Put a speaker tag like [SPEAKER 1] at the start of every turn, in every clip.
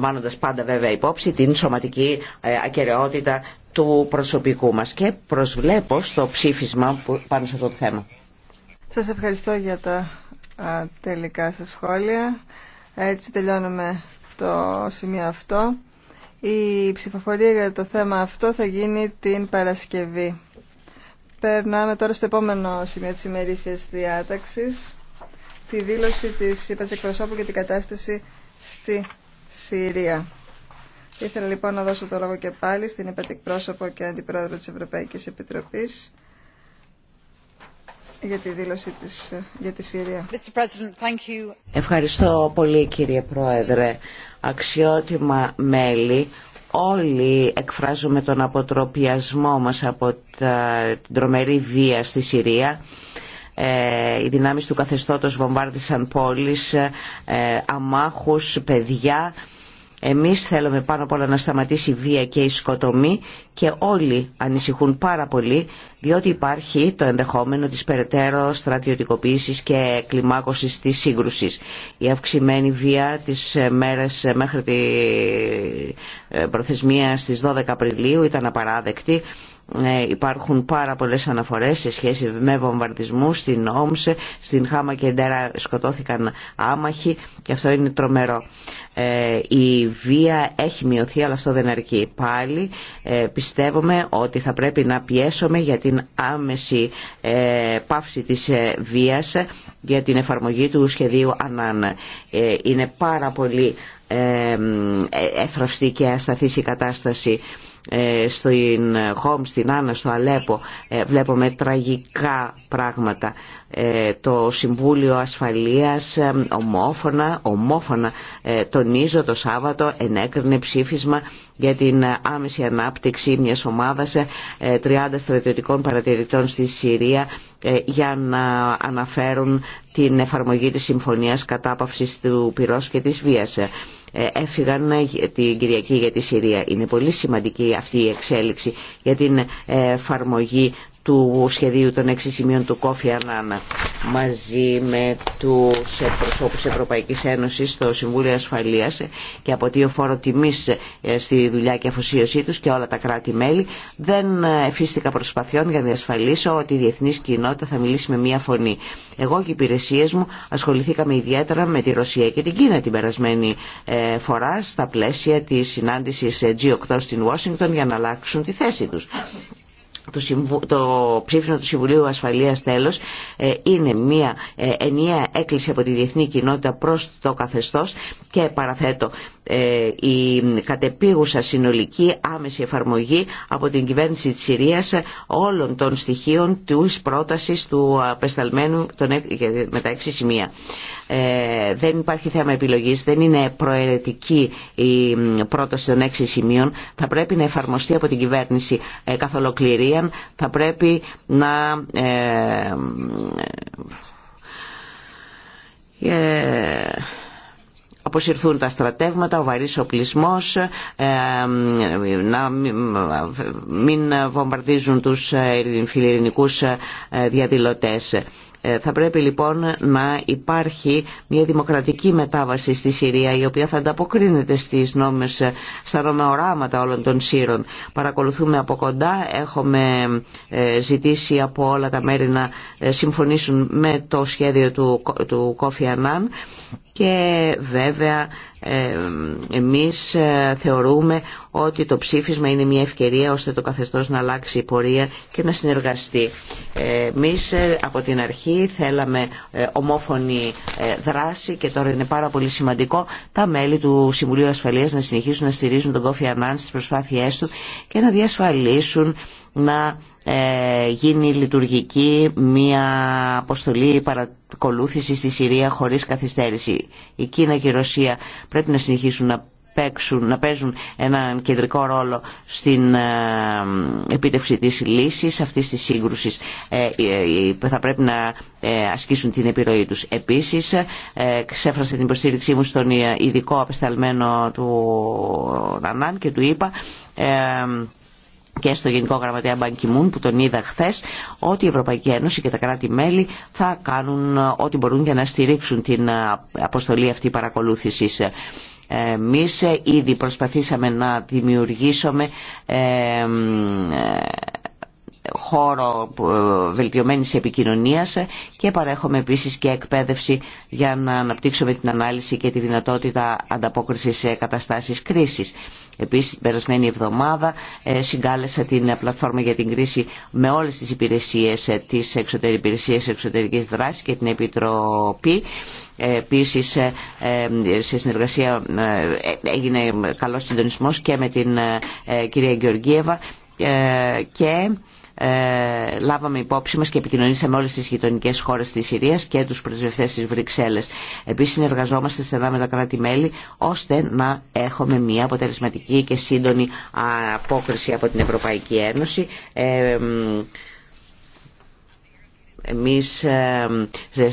[SPEAKER 1] λαμβάνοντας πάντα βέβαια υπόψη την σωματική ε, ακαιρεότητα του προσωπικού μας και προσβλέπω στο ψήφισμα που, πάνω σε αυτό το θέμα.
[SPEAKER 2] Σας ευχαριστώ για τα τελικά σας σχόλια. Έτσι τελειώνουμε το σημείο αυτό. Η ψηφοφορία για το θέμα αυτό θα γίνει την Παρασκευή. Περνάμε τώρα στο επόμενο σημείο της ημερήσιας διάταξης, τη δήλωση της υπασεκπροσώπου για την κατάσταση στη Συρία. ήθελα λοιπόν να δώσω το λόγο και πάλι στην υπατεκπρόσωπο και αντιπρόεδρο της
[SPEAKER 1] Ευρωπαϊκής Επιτροπής
[SPEAKER 2] για τη δήλωσή της για τη Συρία.
[SPEAKER 1] Ευχαριστώ πολύ κύριε Πρόεδρε. Αξιότιμα μέλη, όλοι εκφράζουμε τον αποτροπιασμό μας από την τρομερή βία στη Συρία ε, οι δυνάμεις του καθεστώτος βομβάρδισαν πόλεις, ε, αμάχους, παιδιά. Εμείς θέλουμε πάνω απ' όλα να σταματήσει η βία και η σκοτομή και όλοι ανησυχούν πάρα πολύ διότι υπάρχει το ενδεχόμενο της περαιτέρω στρατιωτικοποίησης και κλιμάκωσης της σύγκρουσης. Η αυξημένη βία τις ε, μέρες μέχρι την προθεσμία στις 12 Απριλίου ήταν απαράδεκτη ε, υπάρχουν πάρα πολλές αναφορές σε σχέση με βομβαρδισμούς στην Όμσε, στην Χάμα και Ντέρα σκοτώθηκαν άμαχοι και αυτό είναι τρομερό. Ε, η βία έχει μειωθεί αλλά αυτό δεν αρκεί. Πάλι ε, πιστεύουμε ότι θα πρέπει να πιέσουμε για την άμεση πάυση της βίας για την εφαρμογή του σχεδίου ΑΝΑΝ. είναι πάρα πολύ ε, και ασταθής η κατάσταση. Ε, στην Χόμ, στην Άννα, στο Αλέπο ε, βλέπουμε τραγικά πράγματα. Ε, το Συμβούλιο Ασφαλείας ε, ομόφωνα, ομόφωνα ε, τονίζω το Σάββατο ενέκρινε ψήφισμα για την άμεση ανάπτυξη μιας ομάδας 30 στρατιωτικών παρατηρητών στη Συρία για να αναφέρουν την εφαρμογή της Συμφωνίας Κατάπαυσης του Πυρός και της Βίας. Έφυγαν την Κυριακή για τη Συρία. Είναι πολύ σημαντική αυτή η εξέλιξη για την εφαρμογή του σχεδίου των έξι σημείων του Κόφη Ανάνα μαζί με τους προσώπους Ευρωπαϊκής Ένωσης στο Συμβούλιο Ασφαλείας και από τη φόρο τιμής ε, στη δουλειά και αφοσίωσή τους και όλα τα κράτη-μέλη δεν εφίστηκα προσπαθειών για να διασφαλίσω ότι η διεθνής κοινότητα θα μιλήσει με μία φωνή. Εγώ και οι υπηρεσίε μου ασχοληθήκαμε ιδιαίτερα με τη Ρωσία και την Κίνα την περασμένη ε, φορά στα πλαίσια της συνάντησης ε, G8 στην Ουάσιγκτον για να αλλάξουν τη θέση τους το ψήφινο του Συμβουλίου Ασφαλείας τέλος ε, είναι μια ε, ενιαία έκκληση από τη διεθνή κοινότητα προς το καθεστώς και παραθέτω ε, η κατεπίγουσα συνολική άμεση εφαρμογή από την κυβέρνηση της Συρίας όλων των στοιχείων της πρότασης του απεσταλμένου με τα έξι σημεία. δεν υπάρχει θέμα επιλογής, δεν είναι προαιρετική η πρόταση των έξι σημείων. Θα πρέπει να εφαρμοστεί από την κυβέρνηση καθ' ολοκληρή θα πρέπει να ε, ε, αποσυρθούν τα στρατεύματα, ο βαρύς οπλισμός, ε, να μην βομβαρδίζουν τους φιλιρινικούς διαδηλωτές. Ε, θα πρέπει λοιπόν να υπάρχει μια δημοκρατική μετάβαση στη Συρία η οποία θα ανταποκρίνεται στις νόμες, στα νομεοράματα όλων των Σύρων. Παρακολουθούμε από κοντά, έχουμε ε, ζητήσει από όλα τα μέρη να ε, συμφωνήσουν με το σχέδιο του, του Ανάν και βέβαια ε, εμείς ε, θεωρούμε ότι το ψήφισμα είναι μια ευκαιρία ώστε το καθεστώς να αλλάξει η πορεία και να συνεργαστεί. Ε, εμείς από την αρχή θέλαμε ομόφωνη δράση και τώρα είναι πάρα πολύ σημαντικό τα μέλη του Συμβουλίου Ασφαλείας να συνεχίσουν να στηρίζουν τον Κόφι Ανάν στις προσπάθειές του και να διασφαλίσουν να ε, γίνει λειτουργική μια αποστολή παρακολούθηση στη Συρία χωρίς καθυστέρηση. Η Κίνα και η Ρωσία πρέπει να συνεχίσουν να παίξουν, να παίζουν έναν κεντρικό ρόλο στην ε, επίτευξη της λύσης αυτής της σύγκρουσης ε, θα πρέπει να ασκήσουν την επιρροή τους. Επίσης, ξέφρασα την υποστήριξή μου στον ειδικό απεσταλμένο του Νανάν και του είπα και στο Γενικό Γραμματέα Μπανκιμούν που τον είδα χθε, ότι η Ευρωπαϊκή Ένωση και τα κράτη-μέλη θα κάνουν ε, ό,τι μπορούν για να στηρίξουν την ε, αποστολή αυτή παρακολούθηση. Ε, Εμεί ήδη προσπαθήσαμε να δημιουργήσουμε χώρο ε, βελτιωμένης επικοινωνίας και παρέχουμε επίσης και εκπαίδευση για να αναπτύξουμε την ανάλυση και τη δυνατότητα ανταπόκρισης σε καταστάσεις κρίσης. Επίσης την περασμένη εβδομάδα ε, συγκάλεσα την πλατφόρμα για την κρίση με όλες τις υπηρεσίες ε, της υπηρεσίας εξωτερικής δράσης και την Επιτροπή. Επίσης σε συνεργασία έγινε καλός συντονισμός και με την κυρία Γεωργίεβα και ε, λάβαμε υπόψη μας και επικοινωνήσαμε όλες τις γειτονικές χώρες της Συρίας και τους πρεσβευτές της Βρυξέλλες. Επίσης συνεργαζόμαστε στενά με τα κράτη-μέλη ώστε να έχουμε μια αποτελεσματική και σύντονη απόκριση από την Ευρωπαϊκή Ένωση. Ε, εμείς ε, ε, ε,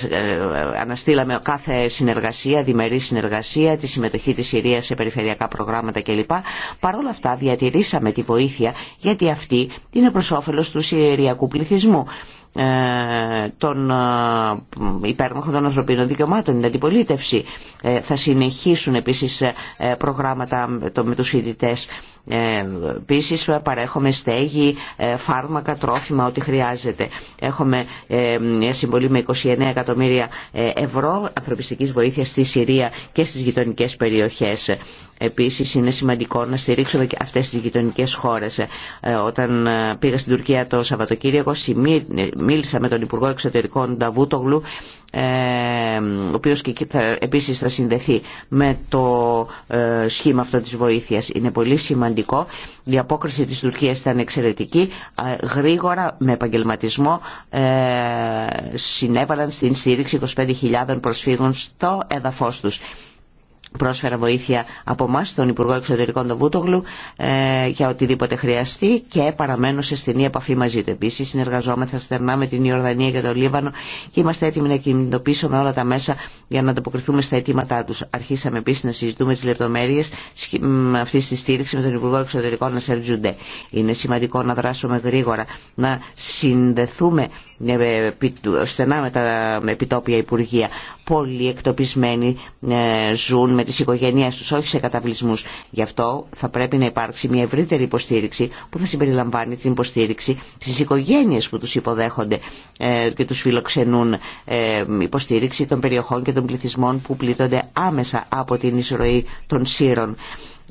[SPEAKER 1] αναστήλαμε κάθε συνεργασία, διμερή συνεργασία, τη συμμετοχή της Συρίας σε περιφερειακά προγράμματα κλπ. Παρ' όλα αυτά διατηρήσαμε τη βοήθεια γιατί αυτή είναι προς όφελος του συριακού πληθυσμού των υπέρμαχων των ανθρωπίνων δικαιωμάτων, την αντιπολίτευση. Θα συνεχίσουν επίσης προγράμματα με τους φοιτητές ε, Επίση παρέχουμε στέγη, ε, φάρμακα, τρόφιμα, ό,τι χρειάζεται. Έχουμε ε, μια συμβολή με 29 εκατομμύρια ευρώ ανθρωπιστικής βοήθειας στη Συρία και στις γειτονικές περιοχές. Επίσης είναι σημαντικό να στηρίξουμε και αυτές τις γειτονικές χώρες. Όταν πήγα στην Τουρκία το Σαββατοκύριακο μίλησα με τον Υπουργό Εξωτερικών Νταβούτογλου ε, ο οποίος και θα, επίσης θα συνδεθεί με το ε, σχήμα αυτό της βοήθειας. Είναι πολύ σημαντικό. Η απόκριση της Τουρκίας ήταν εξαιρετική. γρήγορα, με επαγγελματισμό, ε, συνέβαλαν στην στήριξη 25.000 προσφύγων στο έδαφος τους πρόσφερα βοήθεια από εμά, τον Υπουργό Εξωτερικών τον Βούτογλου, ε, για οτιδήποτε χρειαστεί και παραμένω σε στενή επαφή μαζί του. Επίση, συνεργαζόμεθα στερνά με την Ιορδανία και τον Λίβανο και είμαστε έτοιμοι να κινητοποιήσουμε όλα τα μέσα για να ανταποκριθούμε στα αιτήματά του. Αρχίσαμε επίση να συζητούμε τι λεπτομέρειε αυτή τη στήριξη με τον Υπουργό Εξωτερικών Νασέρ Τζουντέ. Είναι σημαντικό να δράσουμε γρήγορα, να συνδεθούμε ναι, στενά με τα επιτόπια Υπουργεία. Πολλοί εκτοπισμένοι ε, ζουν με τις οικογένειές τους, όχι σε καταβλισμούς. Γι' αυτό θα πρέπει να υπάρξει μια ευρύτερη υποστήριξη που θα συμπεριλαμβάνει την υποστήριξη στις οικογένειες που τους υποδέχονται ε, και τους φιλοξενούν ε, υποστήριξη των περιοχών και των πληθυσμών που πλήττονται άμεσα από την εισρωή των σύρων.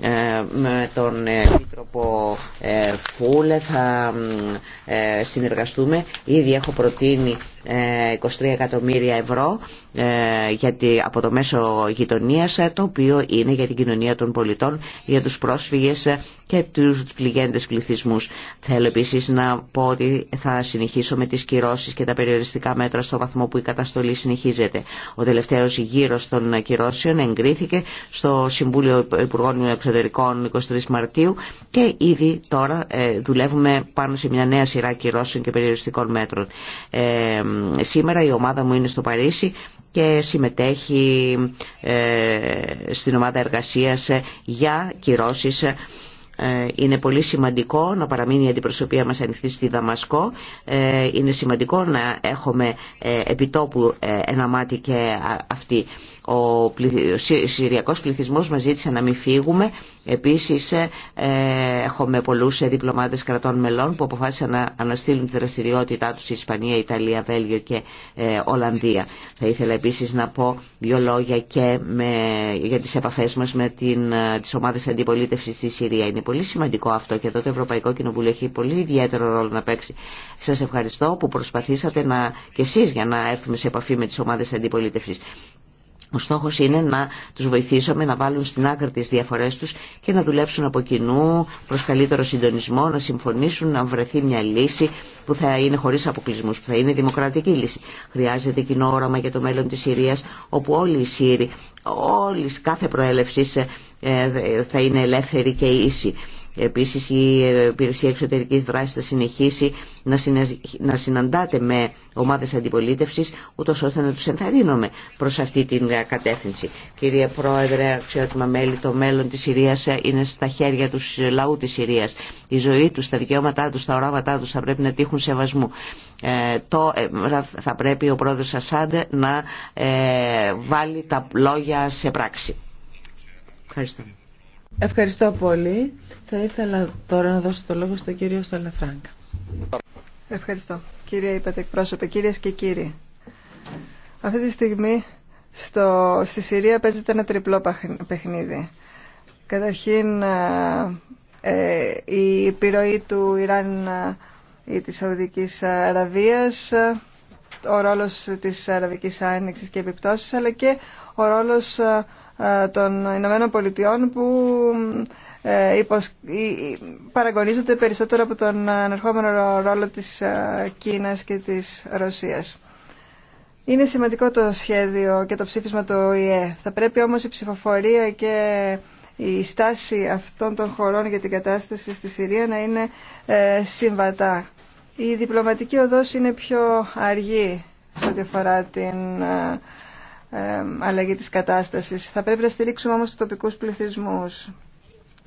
[SPEAKER 1] Ε, με τον ε, Επίτροπο ε, Φούλε θα συνεργαστούμε. Ήδη έχω προτείνει 23 ε, εκατομμύρια ευρώ ε, γιατί από το μέσο γειτονία, ε, το οποίο είναι για την κοινωνία των πολιτών για τους πρόσφυγες και τους πληγέντες πληθυσμούς. Θέλω επίσης να πω ότι θα συνεχίσω με τις κυρώσεις και τα περιοριστικά μέτρα στο βαθμό που η καταστολή συνεχίζεται. Ο τελευταίος γύρος των κυρώσεων εγκρίθηκε στο Συμβούλιο Υπουργών Εξωτερικών 23 Μαρτίου και ήδη τώρα δουλεύουμε πάνω σε μια νέα σειρά κυρώσεων και περιοριστικών μέτρων σήμερα η ομάδα μου είναι στο Παρίσι και συμμετέχει ε, στην ομάδα εργασίας για κυρώσεις ε, είναι πολύ σημαντικό να παραμείνει η αντιπροσωπεία μας ανοιχτή στη Δαμασκό. Ε, είναι σημαντικό να έχουμε ε, επιτόπου ένα μάτι και αυτή. Ο Συριακός πληθυσμός μας ζήτησε να μην φύγουμε. Επίσης έχουμε πολλούς διπλωμάτες κρατών μελών που αποφάσισαν να αναστείλουν τη δραστηριότητά τους στη Ισπανία, Ιταλία, Βέλγιο και Ολλανδία. Θα ήθελα επίσης να πω δύο λόγια και με, για τις επαφές μας με την, τις ομάδες αντιπολίτευσης στη Συρία πολύ σημαντικό αυτό και εδώ το Ευρωπαϊκό Κοινοβούλιο έχει πολύ ιδιαίτερο ρόλο να παίξει. Σας ευχαριστώ που προσπαθήσατε να, και εσείς για να έρθουμε σε επαφή με τις ομάδες αντιπολίτευσης. Ο στόχος είναι να τους βοηθήσουμε να βάλουν στην άκρη τις διαφορές τους και να δουλέψουν από κοινού προς καλύτερο συντονισμό, να συμφωνήσουν, να βρεθεί μια λύση που θα είναι χωρίς αποκλεισμούς, που θα είναι δημοκρατική λύση. Χρειάζεται κοινό όραμα για το μέλλον της Συρίας, όπου όλοι οι Σύροι, όλης κάθε προέλευση ε, ε, θα είναι ελεύθεροι και ίσοι. Επίσης η υπηρεσία εξωτερικής δράσης θα συνεχίσει να συναντάται με ομάδες αντιπολίτευσης ούτως ώστε να τους ενθαρρύνουμε προς αυτή την κατεύθυνση. Κύριε Πρόεδρε, αξιότιμα μέλη, το μέλλον της Συρίας είναι στα χέρια του λαού της Συρίας. Η ζωή τους, τα δικαιώματά τους, τα οράματά τους θα πρέπει να τύχουν σεβασμού. Ε, το, ε, θα πρέπει ο πρόεδρος Ασάντε να ε, βάλει τα λόγια σε πράξη. Ευχαριστώ.
[SPEAKER 2] Ευχαριστώ πολύ. Θα ήθελα τώρα να δώσω το λόγο στον κύριο Σαλαφράγκα. Ευχαριστώ. Κύριε είπατε εκπρόσωπε, κυρίες και κύριοι. Αυτή τη στιγμή στο, στη Συρία παίζεται ένα τριπλό παιχνίδι. Καταρχήν ε, η επιρροή του Ιράν ή της Σαουδικής Αραβίας, ο ρόλος της Αραβικής Άνοιξης και επιπτώσεις, αλλά και ο ρόλος ε, των Ηνωμένων Πολιτειών που ε, παραγωνίζονται περισσότερο από τον ανερχόμενο ρόλο της ε, Κίνας και της Ρωσίας. Είναι σημαντικό το σχέδιο και το ψήφισμα του ΟΗΕ. Θα πρέπει όμως η ψηφοφορία και η στάση αυτών των χωρών για την κατάσταση στη Συρία να είναι συμβατά. Η διπλωματική οδός είναι πιο αργή σε ό,τι αφορά την αλλαγή της κατάστασης. Θα πρέπει να στηρίξουμε όμως τους τοπικούς πληθυσμούς.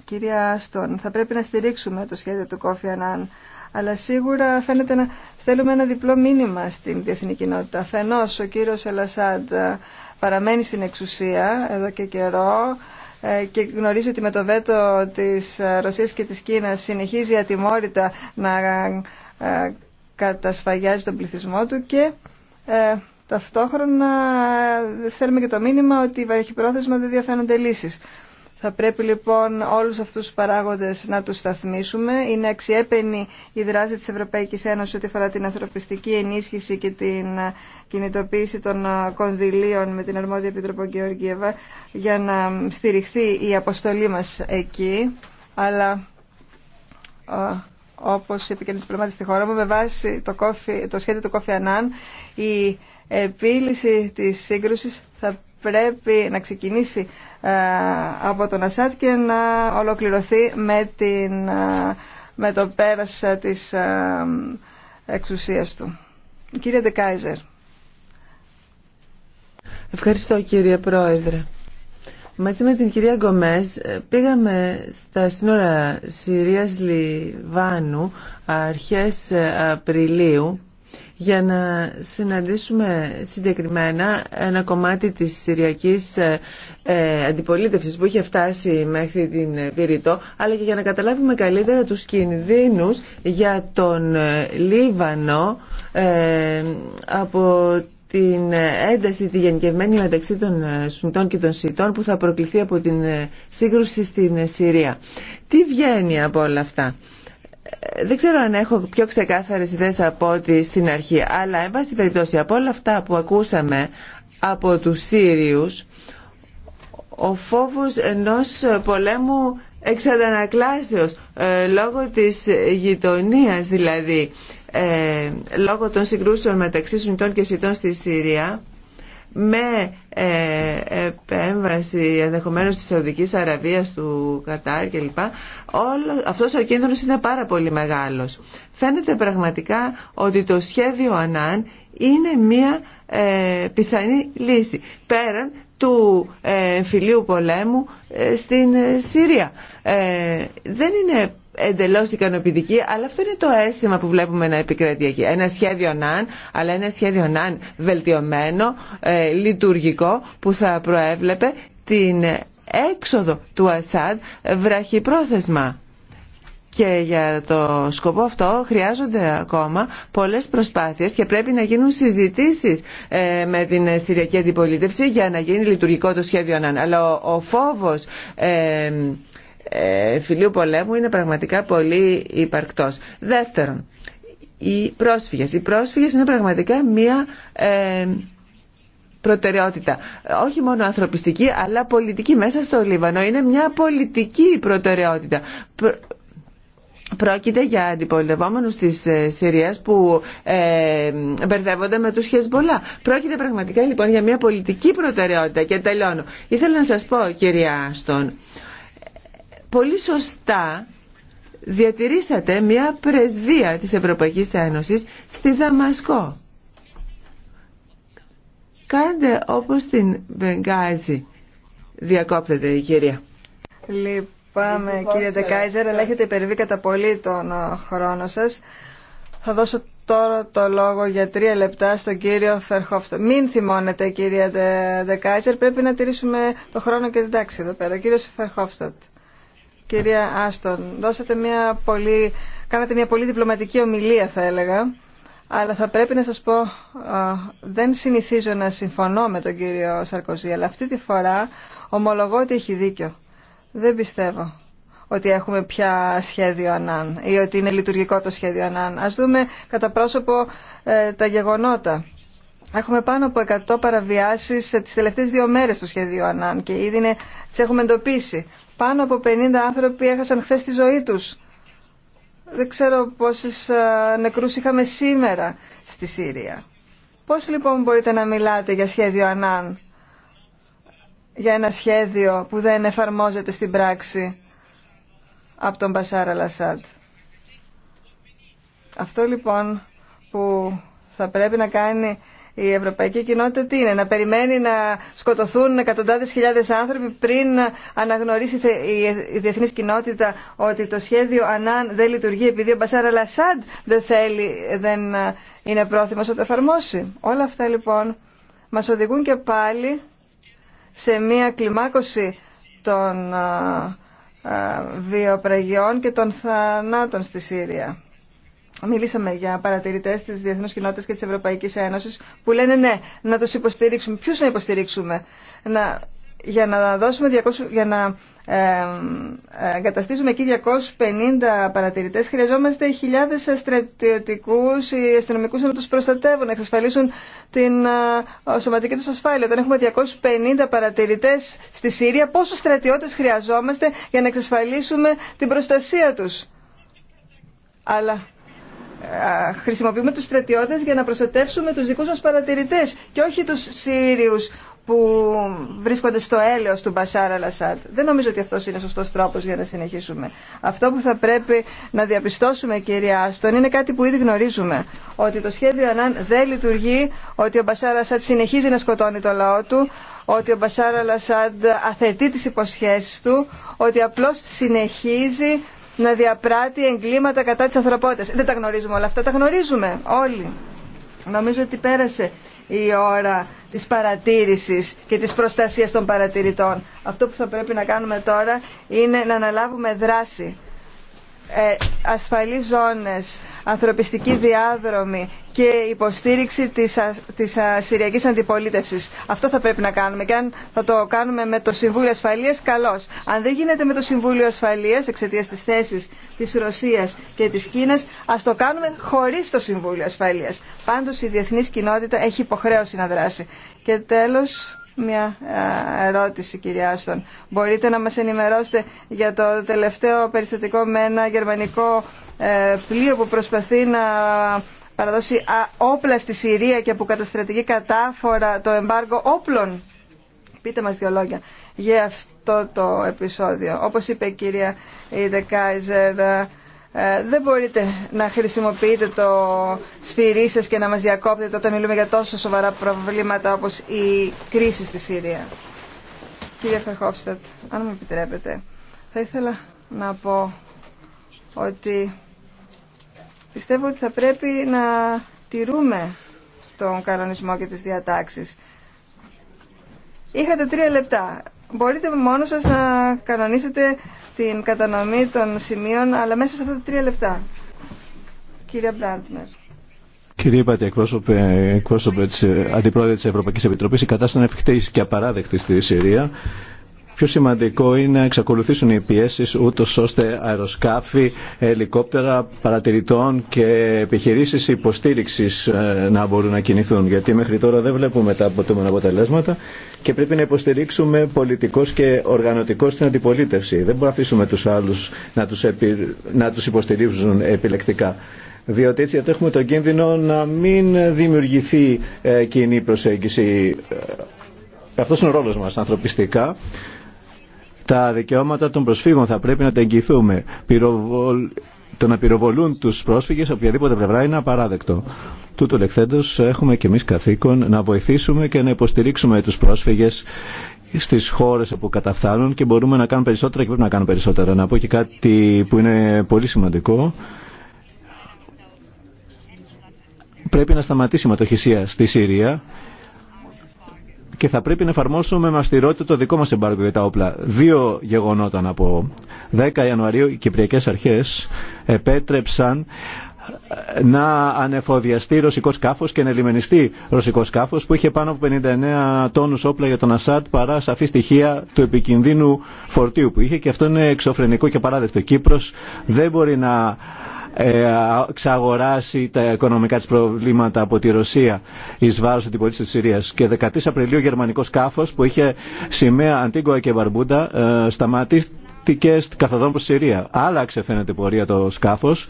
[SPEAKER 2] Κυρία Άστον, θα πρέπει να στηρίξουμε το σχέδιο του Κόφιανάν Ανάν, αλλά σίγουρα φαίνεται να θέλουμε ένα διπλό μήνυμα στην διεθνή κοινότητα. Φενός, ο κύριος Ελασάντ ε, παραμένει στην εξουσία εδώ και καιρό ε, και γνωρίζει ότι με το βέτο της ε, Ρωσίας και της Κίνας συνεχίζει ατιμόρυτα να κατασφαγιάζει τον πληθυσμό του και Ταυτόχρονα θέλουμε ε, και το μήνυμα ότι βαρχιπρόθεσμα δεν διαφαίνονται λύσεις. Θα πρέπει λοιπόν όλους αυτούς τους παράγοντες να τους σταθμίσουμε. Είναι αξιέπαινη η δράση της Ευρωπαϊκής Ένωσης ό,τι αφορά την ανθρωπιστική ενίσχυση και την ε, κινητοποίηση των ε, κονδυλίων με την Αρμόδια Επιτροπή Γεωργίευα για να στηριχθεί η αποστολή μας εκεί. Αλλά όπως είπε και ένας στη χώρα μου, με βάση το, κόφι, το σχέδιο του Κόφι Ανάν, η επίλυση της σύγκρουσης θα πρέπει να ξεκινήσει ε, από τον Ασάτ και να ολοκληρωθεί με, την, ε, με το πέρας της ε, εξουσίας του. Κύριε Ντεκάιζερ.
[SPEAKER 3] Ευχαριστώ κύριε Πρόεδρε. Μαζί με την κυρία Γκομές πήγαμε στα σύνορα Συρίας-Λιβάνου αρχές Απριλίου για να συναντήσουμε συγκεκριμένα ένα κομμάτι της Συριακής ε, ε, αντιπολίτευσης που είχε φτάσει μέχρι την Πυρητό, αλλά και για να καταλάβουμε καλύτερα τους κινδύνους για τον ε, Λίβανο από την ένταση τη γενικευμένη μεταξύ των και των Σιτών που θα προκληθεί από την σύγκρουση στην Συρία. Τι βγαίνει από όλα αυτά. Ε, δεν ξέρω αν έχω πιο ξεκάθαρες ιδέες από ό,τι στην αρχή, αλλά εν πάση περιπτώσει από όλα αυτά που ακούσαμε από τους Σύριους, ο φόβος ενός πολέμου εξαντανακλάσεως, ε, λόγω της γειτονίας δηλαδή, ε, λόγω των συγκρούσεων μεταξύ Σουνιτών και Σιτών στη Συρία, με ε, επέμβαση ενδεχομένω της Σαουδικής Αραβίας, του Κατάρ κλπ. Όλο, αυτός ο κίνδυνος είναι πάρα πολύ μεγάλος. Φαίνεται πραγματικά ότι το σχέδιο ΑΝΑΝ είναι μία ε, πιθανή λύση πέραν του ε, φιλίου πολέμου στην Συρία. Δεν είναι εντελώς ικανοποιητική, αλλά αυτό είναι το αίσθημα που βλέπουμε να επικρατεί εκεί. Ένα σχέδιο ναν, αλλά ένα σχέδιο ναν βελτιωμένο, ε, λειτουργικό, που θα προέβλεπε την έξοδο του ΑΣΑΔ βραχυπρόθεσμα. Και για το σκοπό αυτό χρειάζονται ακόμα πολλές προσπάθειες και πρέπει να γίνουν συζητήσεις ε, με την Συριακή Αντιπολίτευση για να γίνει λειτουργικό το σχέδιο ΑΝΑΝ. Αλλά ο φόβος ε, ε, φιλίου πολέμου είναι πραγματικά πολύ υπαρκτός. Δεύτερον, οι πρόσφυγες. Οι πρόσφυγες είναι πραγματικά μία ε, προτεραιότητα. Όχι μόνο ανθρωπιστική, αλλά πολιτική μέσα στο Λίβανο. Είναι μια πολιτική προτεραιότητα. Πρόκειται για αντιπολιτευόμενους της ε, Συρίας που ε, μπερδεύονται με τους Χεσμολά. Πρόκειται πραγματικά λοιπόν για μια πολιτική προτεραιότητα και τελειώνω. Ήθελα να σας πω κυρία Άστον πολύ σωστά διατηρήσατε μια πρεσβεία της Ευρωπαϊκής Ένωσης στη Δαμασκό. Κάντε όπως την Βεγγάζη. Διακόπτεται η κυρία.
[SPEAKER 2] Λυπάμαι κύριε Ντεκάιζερ, αλλά έχετε υπερβεί κατά πολύ τον ε, χρόνο σας. Θα δώσω τώρα το λόγο για τρία λεπτά στον κύριο Φερχόφστα. Μην θυμώνετε κύριε Ντεκάιζερ, πρέπει να τηρήσουμε το χρόνο και την τάξη εδώ πέρα. κύριος Φερχόφστατ. Κυρία Άστον, δώσατε μια πολύ, κάνατε μια πολύ διπλωματική ομιλία θα έλεγα, αλλά θα πρέπει να σας πω, δεν συνηθίζω να συμφωνώ με τον κύριο Σαρκοζή, αλλά αυτή τη φορά ομολογώ ότι έχει δίκιο. Δεν πιστεύω ότι έχουμε πια σχέδιο ΑΝΑΝ ή ότι είναι λειτουργικό το σχέδιο ΑΝΑΝ. Ας δούμε κατά πρόσωπο ε, τα γεγονότα. Έχουμε πάνω από 100 παραβιάσεις τις τελευταίες δύο μέρες του σχεδίου ΑΝΑΝ και ήδη είναι, τις έχουμε εντοπίσει. Πάνω από 50 άνθρωποι έχασαν χθε τη ζωή τους. Δεν ξέρω πόσες ε, νεκρούς είχαμε σήμερα στη Σύρια. Πώς λοιπόν μπορείτε να μιλάτε για σχέδιο Ανάν, για ένα σχέδιο που δεν εφαρμόζεται στην πράξη από τον Μπασάρα Λασάντ. Αυτό λοιπόν που θα πρέπει να κάνει η ευρωπαϊκή κοινότητα τι είναι, να περιμένει να σκοτωθούν εκατοντάδε χιλιάδες άνθρωποι πριν αναγνωρίσει η διεθνή κοινότητα ότι το σχέδιο Ανάν δεν λειτουργεί επειδή ο Μπασάρα Λασάντ δεν θέλει, δεν ε, είναι πρόθυμος να το εφαρμόσει. Όλα αυτά λοιπόν μας οδηγούν και πάλι σε μια κλιμάκωση των ε, ε, βιοπραγιών και των θανάτων στη Σύρια. Μιλήσαμε για παρατηρητέ τη Διεθνού Κοινότητα και τη Ευρωπαϊκή Ένωση που λένε ναι, να του υποστηρίξουμε. Ποιου να υποστηρίξουμε, να, για να δώσουμε 200, για να ε, ε, εγκαταστήσουμε εκεί 250 παρατηρητές χρειαζόμαστε χιλιάδες στρατιωτικούς ή αστυνομικούς να τους προστατεύουν να εξασφαλίσουν την ε, σωματική τους ασφάλεια όταν έχουμε 250 παρατηρητές στη Συρία πόσους στρατιώτες χρειαζόμαστε για να εξασφαλίσουμε την προστασία τους αλλά ε, χρησιμοποιούμε τους στρατιώτες για να προστατεύσουμε τους δικούς μας παρατηρητές και όχι τους Σύριους που βρίσκονται στο έλεος του Μπασάρα Λασάντ. Δεν νομίζω ότι αυτός είναι σωστός τρόπος για να συνεχίσουμε. Αυτό που θα πρέπει να διαπιστώσουμε κυρία Άστον είναι κάτι που ήδη γνωρίζουμε. Ότι το σχέδιο Ανάν δεν λειτουργεί, ότι ο Μπασάρα Λασάντ συνεχίζει να σκοτώνει το λαό του, ότι ο Μπασάρα Λασάντ αθετεί τις υποσχέσεις του, ότι απλώς συνεχίζει να διαπράττει εγκλήματα κατά της ανθρωπότητας. Δεν τα γνωρίζουμε όλα αυτά, τα γνωρίζουμε όλοι. Νομίζω ότι πέρασε η ώρα της παρατήρησης και της προστασίας των παρατηρητών. Αυτό που θα πρέπει να κάνουμε τώρα είναι να αναλάβουμε δράση ε, ασφαλείς ζώνες, ανθρωπιστική διάδρομη και υποστήριξη της, της Συριακής Αντιπολίτευσης. Αυτό θα πρέπει να κάνουμε και αν θα το κάνουμε με το Συμβούλιο Ασφαλείας, καλώς. Αν δεν γίνεται με το Συμβούλιο Ασφαλείας εξαιτίας της θέσης της Ρωσίας και της Κίνας, ας το κάνουμε χωρίς το Συμβούλιο Ασφαλείας. Πάντως η διεθνής κοινότητα έχει υποχρέωση να δράσει. Και τέλος μια ερώτηση, κυρία Άστον. Μπορείτε να μας ενημερώσετε για το τελευταίο περιστατικό με ένα γερμανικό ε, πλοίο που προσπαθεί να παραδώσει όπλα στη Συρία και που καταστρατηγεί κατάφορα το εμπάργο όπλων. Πείτε μας δύο λόγια για αυτό το επεισόδιο. Όπως είπε η κυρία ε, δεν μπορείτε να χρησιμοποιείτε το σφυρί σας και να μας διακόπτετε όταν μιλούμε για τόσο σοβαρά προβλήματα όπως η κρίση στη Συρία. Κύριε Φερχόφστατ, αν μου επιτρέπετε, θα ήθελα να πω ότι πιστεύω ότι θα πρέπει να τηρούμε τον κανονισμό και τις διατάξεις. Είχατε τρία λεπτά μπορείτε μόνο σας να κανονίσετε την κατανομή των σημείων, αλλά μέσα σε αυτά τα τρία λεπτά. Κύριε Μπράντνερ.
[SPEAKER 4] Κύριε Πατή, εκπρόσωπε, της, ε, αντιπρόεδρε της Ευρωπαϊκής Επιτροπής, η κατάσταση είναι εφικτή και απαράδεκτη στη Συρία Πιο σημαντικό είναι να εξακολουθήσουν οι πιέσει ούτω ώστε αεροσκάφη, ελικόπτερα παρατηρητών και επιχειρήσει υποστήριξη ε, να μπορούν να κινηθούν. Γιατί μέχρι τώρα δεν βλέπουμε τα αποτελέσματα και πρέπει να υποστηρίξουμε πολιτικώ και οργανωτικώ την αντιπολίτευση. Δεν μπορούμε να αφήσουμε του άλλου να του επι... υποστηρίζουν επιλεκτικά. Διότι έτσι έχουμε τον κίνδυνο να μην δημιουργηθεί ε, κοινή προσέγγιση. Ε, Αυτό είναι ο ρόλο μας ανθρωπιστικά τα δικαιώματα των προσφύγων θα πρέπει να τα εγγυηθούμε. Το να πυροβολούν τους πρόσφυγες από οποιαδήποτε πλευρά είναι απαράδεκτο. Τούτο λεχθέντος έχουμε και εμείς καθήκον να βοηθήσουμε και να υποστηρίξουμε τους πρόσφυγες στι χώρε όπου καταφθάνουν και μπορούμε να κάνουμε περισσότερα και πρέπει να κάνουμε περισσότερα. Να πω και κάτι που είναι πολύ σημαντικό. Πρέπει να σταματήσει η ματοχυσία στη Συρία και θα πρέπει να εφαρμόσουμε με αυστηρότητα το δικό μας εμπάργκο για τα όπλα. Δύο γεγονότα από 10 Ιανουαρίου οι κυπριακέ Αρχές επέτρεψαν να ανεφοδιαστεί ρωσικό σκάφο και να ελιμενιστεί ρωσικό σκάφο που είχε πάνω από 59 τόνου όπλα για τον Ασάντ παρά σαφή στοιχεία του επικινδύνου φορτίου που είχε και αυτό είναι εξωφρενικό και παράδεκτο. Κύπρο δεν μπορεί να ε, εξαγοράσει τα οικονομικά της προβλήματα από τη Ρωσία εις βάρος την πολίτηση της Συρίας. Και 13 Απριλίου ο γερμανικό σκάφος που είχε σημαία Αντίγκοα και Βαρμπούντα ε, σταματήθηκε καθοδόν προς Συρία. Άλλαξε φαίνεται πορεία το σκάφος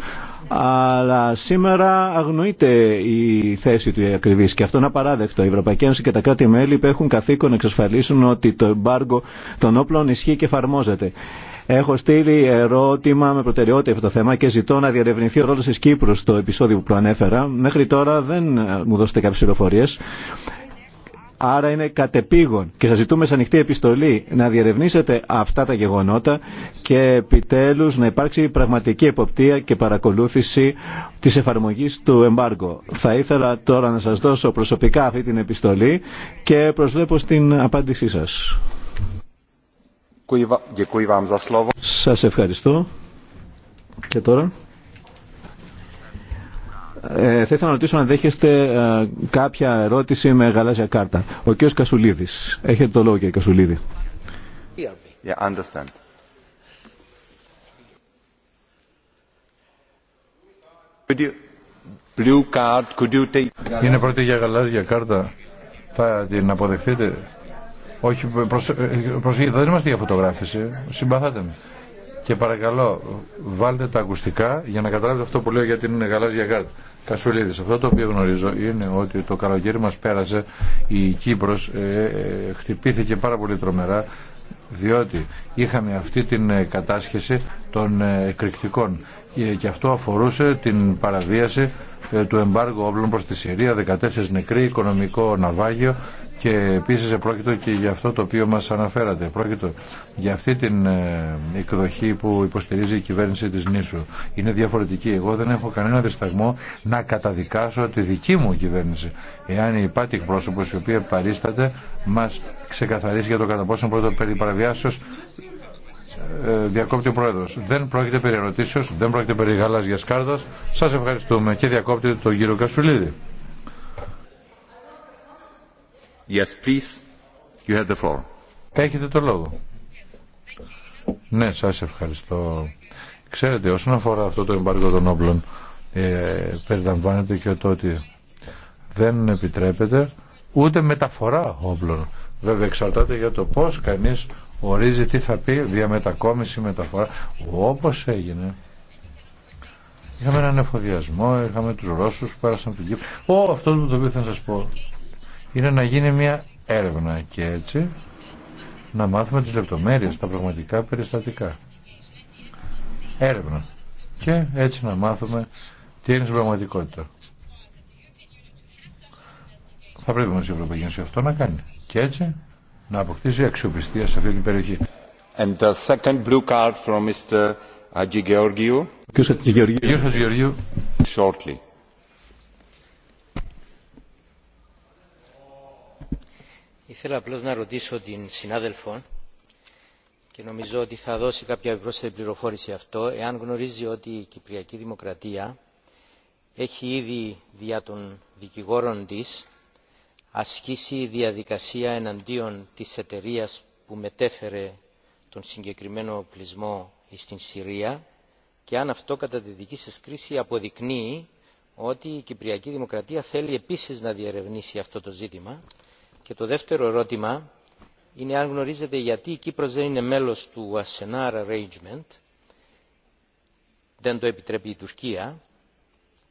[SPEAKER 4] αλλά σήμερα αγνοείται η θέση του ακριβή και αυτό είναι απαράδεκτο. Η Ευρωπαϊκή Ένωση και τα κράτη-μέλη που έχουν καθήκον να εξασφαλίσουν ότι το εμπάργκο των όπλων ισχύει και εφαρμόζεται. Έχω στείλει ερώτημα με προτεραιότητα αυτό το θέμα και ζητώ να διαρευνηθεί ο ρόλο τη Κύπρου στο επεισόδιο που προανέφερα. Μέχρι τώρα δεν ε, μου δώσετε κάποιε πληροφορίε. Άρα είναι κατεπήγον και σας ζητούμε σε ανοιχτή επιστολή να διερευνήσετε αυτά τα γεγονότα και επιτέλους να υπάρξει πραγματική εποπτεία και παρακολούθηση της εφαρμογής του εμπάργου. Θα ήθελα τώρα να σας δώσω προσωπικά αυτή την επιστολή και προσβλέπω στην απάντησή σας. Σας ευχαριστώ. Και τώρα. Ε, θα ήθελα να ρωτήσω αν δέχεστε ε, κάποια ερώτηση με γαλάζια κάρτα. Ο κ. Κασουλίδης. Έχετε το λόγο κ. Κασουλίδη. Yeah,
[SPEAKER 5] Blue card, could you take... Είναι πρώτη για γαλάζια κάρτα. Θα την αποδεχτείτε. Όχι, ε, προσοχή, δεν είμαστε για φωτογράφηση. Συμπαθάτε με. Και παρακαλώ, βάλτε τα ακουστικά για να καταλάβετε αυτό που λέω για την γαλάζια κάρτα. Κασουλίδης, αυτό το οποίο γνωρίζω είναι ότι το καλοκαίρι μας πέρασε η Κύπρος ε, ε, χτυπήθηκε πάρα πολύ τρομερά διότι είχαμε αυτή την κατάσχεση των εκρηκτικών και αυτό αφορούσε την παραβίαση του εμπάργου όπλων προς τη Συρία, 14 νεκροί, οικονομικό ναυάγιο και επίσης επρόκειτο και για αυτό το οποίο μας αναφέρατε. Πρόκειται για αυτή την ε, εκδοχή που υποστηρίζει η κυβέρνηση της Νήσου. Είναι διαφορετική. Εγώ δεν έχω κανένα δισταγμό να καταδικάσω τη δική μου κυβέρνηση. Εάν η πάτη εκπρόσωπος η οποία παρίσταται μας ξεκαθαρίσει για το κατά πόσο πρώτο περί παραβιάσεως ε, διακόπτει ο Πρόεδρο. Δεν πρόκειται περί ερωτήσεω, δεν πρόκειται περί γαλάζια κάρτα. Σα ευχαριστούμε και διακόπτει τον κύριο Κασουλίδη. Yes, please. You have the floor. Έχετε το λόγο. Ναι, σας ευχαριστώ. Ξέρετε, όσον αφορά αυτό το εμπάργο των όπλων, ε, περιλαμβάνεται και το ότι δεν επιτρέπεται ούτε μεταφορά όπλων. Βέβαια, εξαρτάται για το πώς κανείς ορίζει τι θα πει διαμετακόμιση, μεταφορά. Όπως έγινε, είχαμε έναν εφοδιασμό, είχαμε τους Ρώσους που πέρασαν την Κύπρο. αυτό το οποίο θα σας πω είναι να γίνει μια έρευνα και έτσι να μάθουμε τις λεπτομέρειες, τα πραγματικά περιστατικά. Έρευνα. Και έτσι να μάθουμε τι είναι στην πραγματικότητα. Θα πρέπει όμως η Ευρωπαϊκή Ένωση αυτό να κάνει. Και έτσι να αποκτήσει αξιοπιστία σε αυτή την περιοχή. the second blue
[SPEAKER 6] Ήθελα απλώ να ρωτήσω την συνάδελφο και νομίζω ότι θα δώσει κάποια πρόσθετη πληροφόρηση αυτό, εάν γνωρίζει ότι η Κυπριακή Δημοκρατία έχει ήδη δια των δικηγόρων τη ασκήσει διαδικασία εναντίον της εταιρεία που μετέφερε τον συγκεκριμένο πλεισμό στην Συρία και αν αυτό κατά τη δική σας κρίση αποδεικνύει ότι η Κυπριακή Δημοκρατία θέλει επίσης να διερευνήσει αυτό το ζήτημα και το δεύτερο ερώτημα είναι αν γνωρίζετε γιατί η Κύπρος δεν είναι μέλος του Ασενάρ Arrangement, δεν το επιτρέπει η Τουρκία,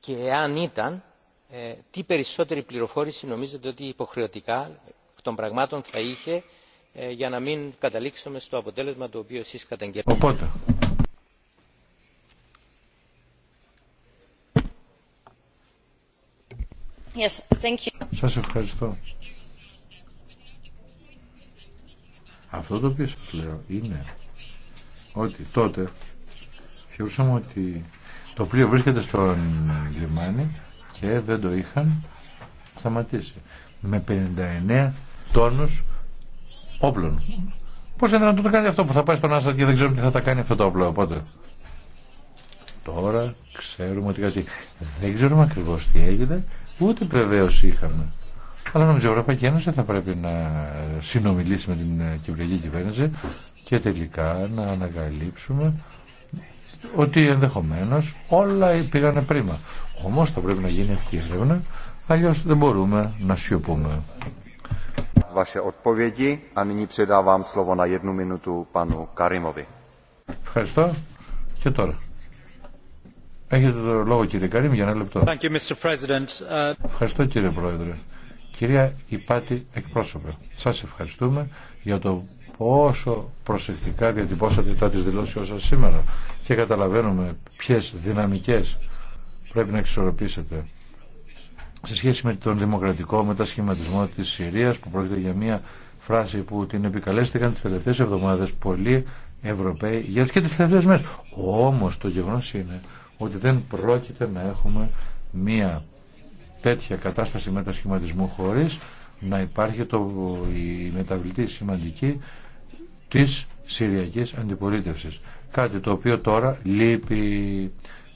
[SPEAKER 6] και εάν ήταν, ε, τι περισσότερη πληροφόρηση νομίζετε ότι υποχρεωτικά των πραγμάτων θα είχε ε, για να μην καταλήξουμε στο αποτέλεσμα το οποίο εσείς καταγγέλλετε. Οπότε.
[SPEAKER 7] Yes, thank you.
[SPEAKER 5] Σας ευχαριστώ. Αυτό το οποίο σας λέω είναι ότι τότε θεωρούσαμε ότι το πλοίο βρίσκεται στον λιμάνι και δεν το είχαν σταματήσει. Με 59 τόνους όπλων. Πώς είναι να το κάνει αυτό που θα πάει στον Άσαντ και δεν ξέρουμε τι θα τα κάνει αυτό το όπλο. Οπότε τώρα ξέρουμε ότι κάτι. Δεν ξέρουμε ακριβώς τι έγινε, ούτε βεβαίως είχαμε. Αλλά νομίζω η Ευρωπαϊκή Ένωση θα πρέπει να συνομιλήσει με την κυβερνητική κυβέρνηση και τελικά να ανακαλύψουμε ότι ενδεχομένως όλα πήγαν πρίμα. Όμως θα πρέπει να γίνει αυτή η έρευνα, αλλιώς δεν μπορούμε να σιωπούμε. Ευχαριστώ. Και τώρα. Έχετε το λόγο κύριε Καρύμ για ένα λεπτό.
[SPEAKER 6] Uh,
[SPEAKER 5] Ευχαριστώ κύριε Πρόεδρε. Κυρία Υπάτη εκπρόσωπε, σας ευχαριστούμε για το πόσο προσεκτικά διατυπώσατε τα της δηλώσεως σας σήμερα και καταλαβαίνουμε ποιες δυναμικές πρέπει να εξορροπήσετε σε σχέση με τον δημοκρατικό μετασχηματισμό της Συρίας που πρόκειται για μια φράση που την επικαλέστηκαν τις τελευταίες εβδομάδες πολλοί Ευρωπαίοι για και τις τελευταίες μέρες. Όμως το γεγονός είναι ότι δεν πρόκειται να έχουμε μια τέτοια κατάσταση μετασχηματισμού χωρίς να υπάρχει το, η μεταβλητή σημαντική της Συριακής Αντιπολίτευσης. Κάτι το οποίο τώρα λείπει.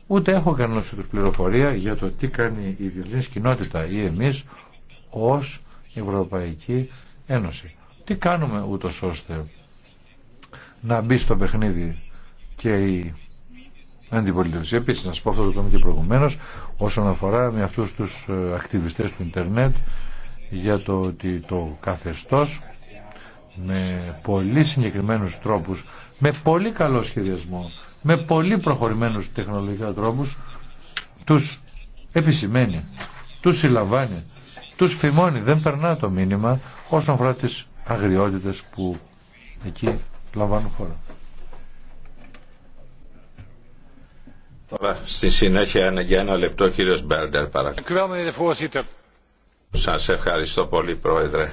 [SPEAKER 5] Ούτε έχω κανένα τους πληροφορία για το τι κάνει η διεθνής κοινότητα ή εμείς ως Ευρωπαϊκή Ένωση. Τι κάνουμε ούτω ώστε να μπει στο παιχνίδι και η αντιπολίτευση. Επίσης, να σας πω αυτό το είπαμε και προηγουμένως, όσον αφορά με αυτούς τους ε, ακτιβιστές του Ιντερνετ για το ότι το καθεστώς με πολύ συγκεκριμένους τρόπους, με πολύ καλό σχεδιασμό, με πολύ προχωρημένους τεχνολογικά τρόπους, τους επισημαίνει, τους συλλαμβάνει, τους φημώνει, δεν περνά το μήνυμα όσον αφορά τις αγριότητες που εκεί λαμβάνουν χώρα.
[SPEAKER 7] στη συνέχεια για ένα λεπτό κύριος Μπέρντερ
[SPEAKER 5] παρακαλώ.
[SPEAKER 7] Σας ευχαριστώ πολύ πρόεδρε.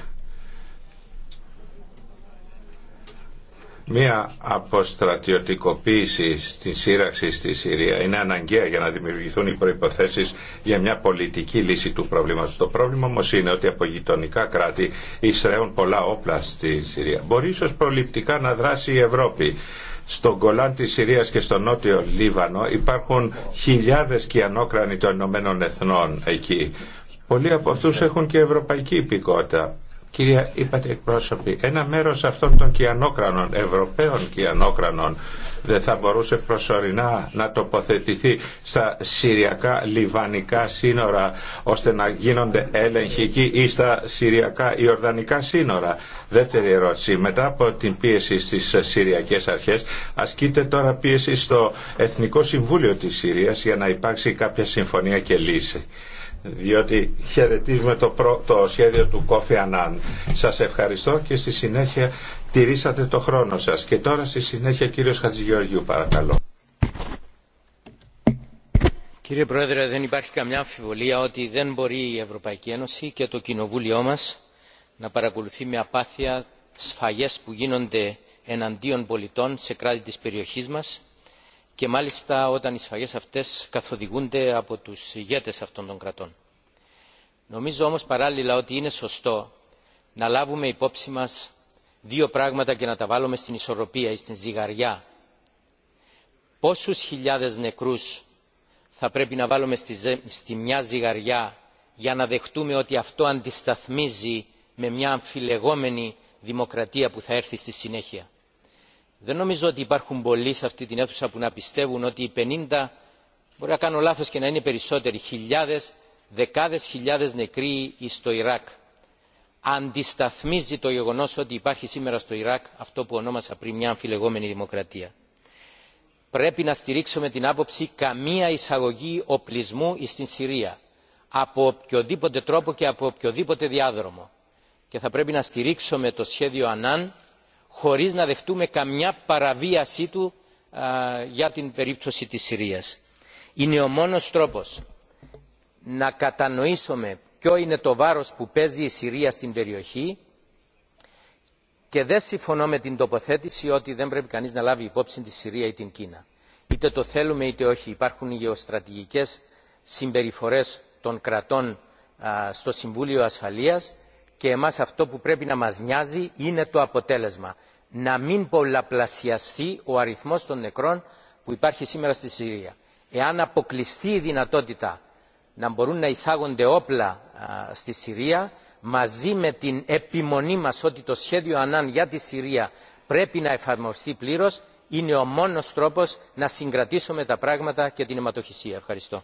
[SPEAKER 7] Μία αποστρατιωτικοποίηση στη σύραξη στη Συρία είναι αναγκαία για να δημιουργηθούν οι προϋποθέσεις για μια πολιτική λύση του πρόβληματος. Το πρόβλημα όμω είναι ότι από γειτονικά κράτη εισραίουν πολλά όπλα στη Συρία. Μπορεί ίσω προληπτικά να δράσει η Ευρώπη στον Κολάν της Συρίας και στο νότιο Λίβανο υπάρχουν χιλιάδες κιανόκρανοι των Ηνωμένων Εθνών εκεί. Πολλοί από αυτούς έχουν και ευρωπαϊκή υπηκότητα. Κυρία, είπατε εκπρόσωποι, ένα μέρος αυτών των κυανόκρανων, Ευρωπαίων κυανόκρανων, δεν θα μπορούσε προσωρινά να τοποθετηθεί στα συριακά λιβανικά σύνορα, ώστε να γίνονται έλεγχοι εκεί ή στα συριακά ιορδανικά σύνορα. Δεύτερη ερώτηση. Μετά από την πίεση στις Συριακές αρχές, ασκείται τώρα πίεση στο Εθνικό Συμβούλιο της Συρίας για να υπάρξει κάποια συμφωνία και λύση διότι χαιρετίζουμε το, το σχέδιο του Κόφι Ανάν. Σας ευχαριστώ και στη συνέχεια τηρήσατε το χρόνο σας. Και τώρα στη συνέχεια κύριος Χατζηγεωργίου παρακαλώ.
[SPEAKER 6] Κύριε Πρόεδρε, δεν υπάρχει καμιά αμφιβολία ότι δεν μπορεί η Ευρωπαϊκή Ένωση και το Κοινοβούλιο μας να παρακολουθεί με απάθεια σφαγές που γίνονται εναντίον πολιτών σε κράτη της περιοχής μας και μάλιστα όταν οι σφαγές αυτές καθοδηγούνται από τους ηγέτες αυτών των κρατών. Νομίζω όμως παράλληλα ότι είναι σωστό να λάβουμε υπόψη μας δύο πράγματα και να τα βάλουμε στην ισορροπία ή στην ζυγαριά. Πόσους χιλιάδες νεκρούς θα πρέπει να βάλουμε στη μια ζυγαριά για να δεχτούμε ότι αυτό αντισταθμίζει με μια αμφιλεγόμενη δημοκρατία που θα έρθει στη συνέχεια δεν νομίζω ότι υπάρχουν πολλοί σε αυτή την αίθουσα που να πιστεύουν ότι οι πενήντα μπορεί να κάνω λάθο και να είναι περισσότεροι χιλιάδε, δεκάδε χιλιάδε νεκροί στο ιράκ αντισταθμίζει το γεγονό ότι υπάρχει σήμερα στο ιράκ αυτό που ονόμασα πριν μια αμφιλεγόμενη δημοκρατία. πρέπει να στηρίξουμε την άποψη καμία εισαγωγή οπλισμού στην συρία από οποιοδήποτε τρόπο και από οποιοδήποτε διάδρομο και θα πρέπει να στηρίξουμε το σχέδιο ανάν χωρίς να δεχτούμε καμιά παραβίασή του για την περίπτωση της Συρίας. Είναι ο μόνος τρόπος να κατανοήσουμε ποιο είναι το βάρος που παίζει η Συρία στην περιοχή και δεν συμφωνώ με την τοποθέτηση ότι δεν πρέπει κανείς να λάβει υπόψη τη Συρία ή την Κίνα. Είτε το θέλουμε είτε όχι υπάρχουν οι γεωστρατηγικές συμπεριφορές των κρατών στο Συμβούλιο Ασφαλείας και εμάς αυτό που πρέπει να μας νοιάζει είναι το αποτέλεσμα να μην πολλαπλασιαστεί ο αριθμός των νεκρών που υπάρχει σήμερα στη συρία. εάν αποκλειστεί η δυνατότητα να μπορούν να εισάγονται όπλα στη συρία μαζί με την επιμονή μας ότι το σχέδιο ανάν για τη συρία πρέπει να εφαρμοστεί πλήρως είναι ο μόνος τρόπος να συγκρατήσουμε τα πράγματα και την αιματοχυσία. ευχαριστώ.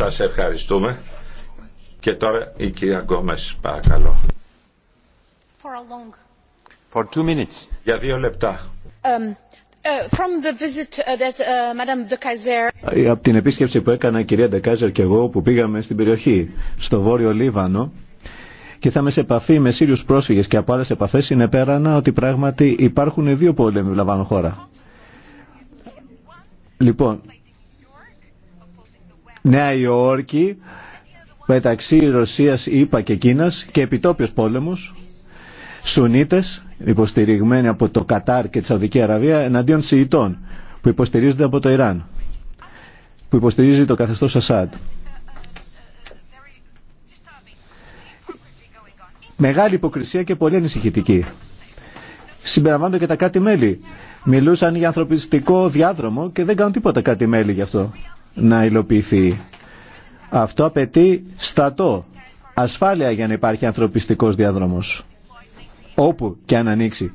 [SPEAKER 7] Σας ευχαριστούμε. Και τώρα η κυρία Γκόμες, παρακαλώ. Για δύο λεπτά.
[SPEAKER 1] Um, uh, from the visit uh, that, uh,
[SPEAKER 4] De ε, από την επίσκεψη που έκανα η κυρία Ντεκάζερ και εγώ που πήγαμε στην περιοχή στο Βόρειο Λίβανο και θα είμαι σε επαφή με Σύριους πρόσφυγες και από άλλες επαφές είναι πέρανα ότι πράγματι υπάρχουν δύο πόλεμοι που λαμβάνουν χώρα. Λοιπόν, Νέα Υόρκη μεταξύ Ρωσίας, ΙΠΑ και Κίνας και επιτόπιος πόλεμος Σουνίτες υποστηριγμένοι από το Κατάρ και τη Σαουδική Αραβία εναντίον Σιητών που υποστηρίζονται από το Ιράν που υποστηρίζει το καθεστώς Ασάντ. Μεγάλη υποκρισία και πολύ ανησυχητική. Συμπεραμβάνονται και τα κάτι μέλη. Μιλούσαν για ανθρωπιστικό διάδρομο και δεν κάνουν τίποτα κάτι μέλη γι' αυτό να υλοποιηθεί. Αυτό απαιτεί στατό, ασφάλεια για να υπάρχει ανθρωπιστικός διάδρομος. Όπου και αν ανοίξει.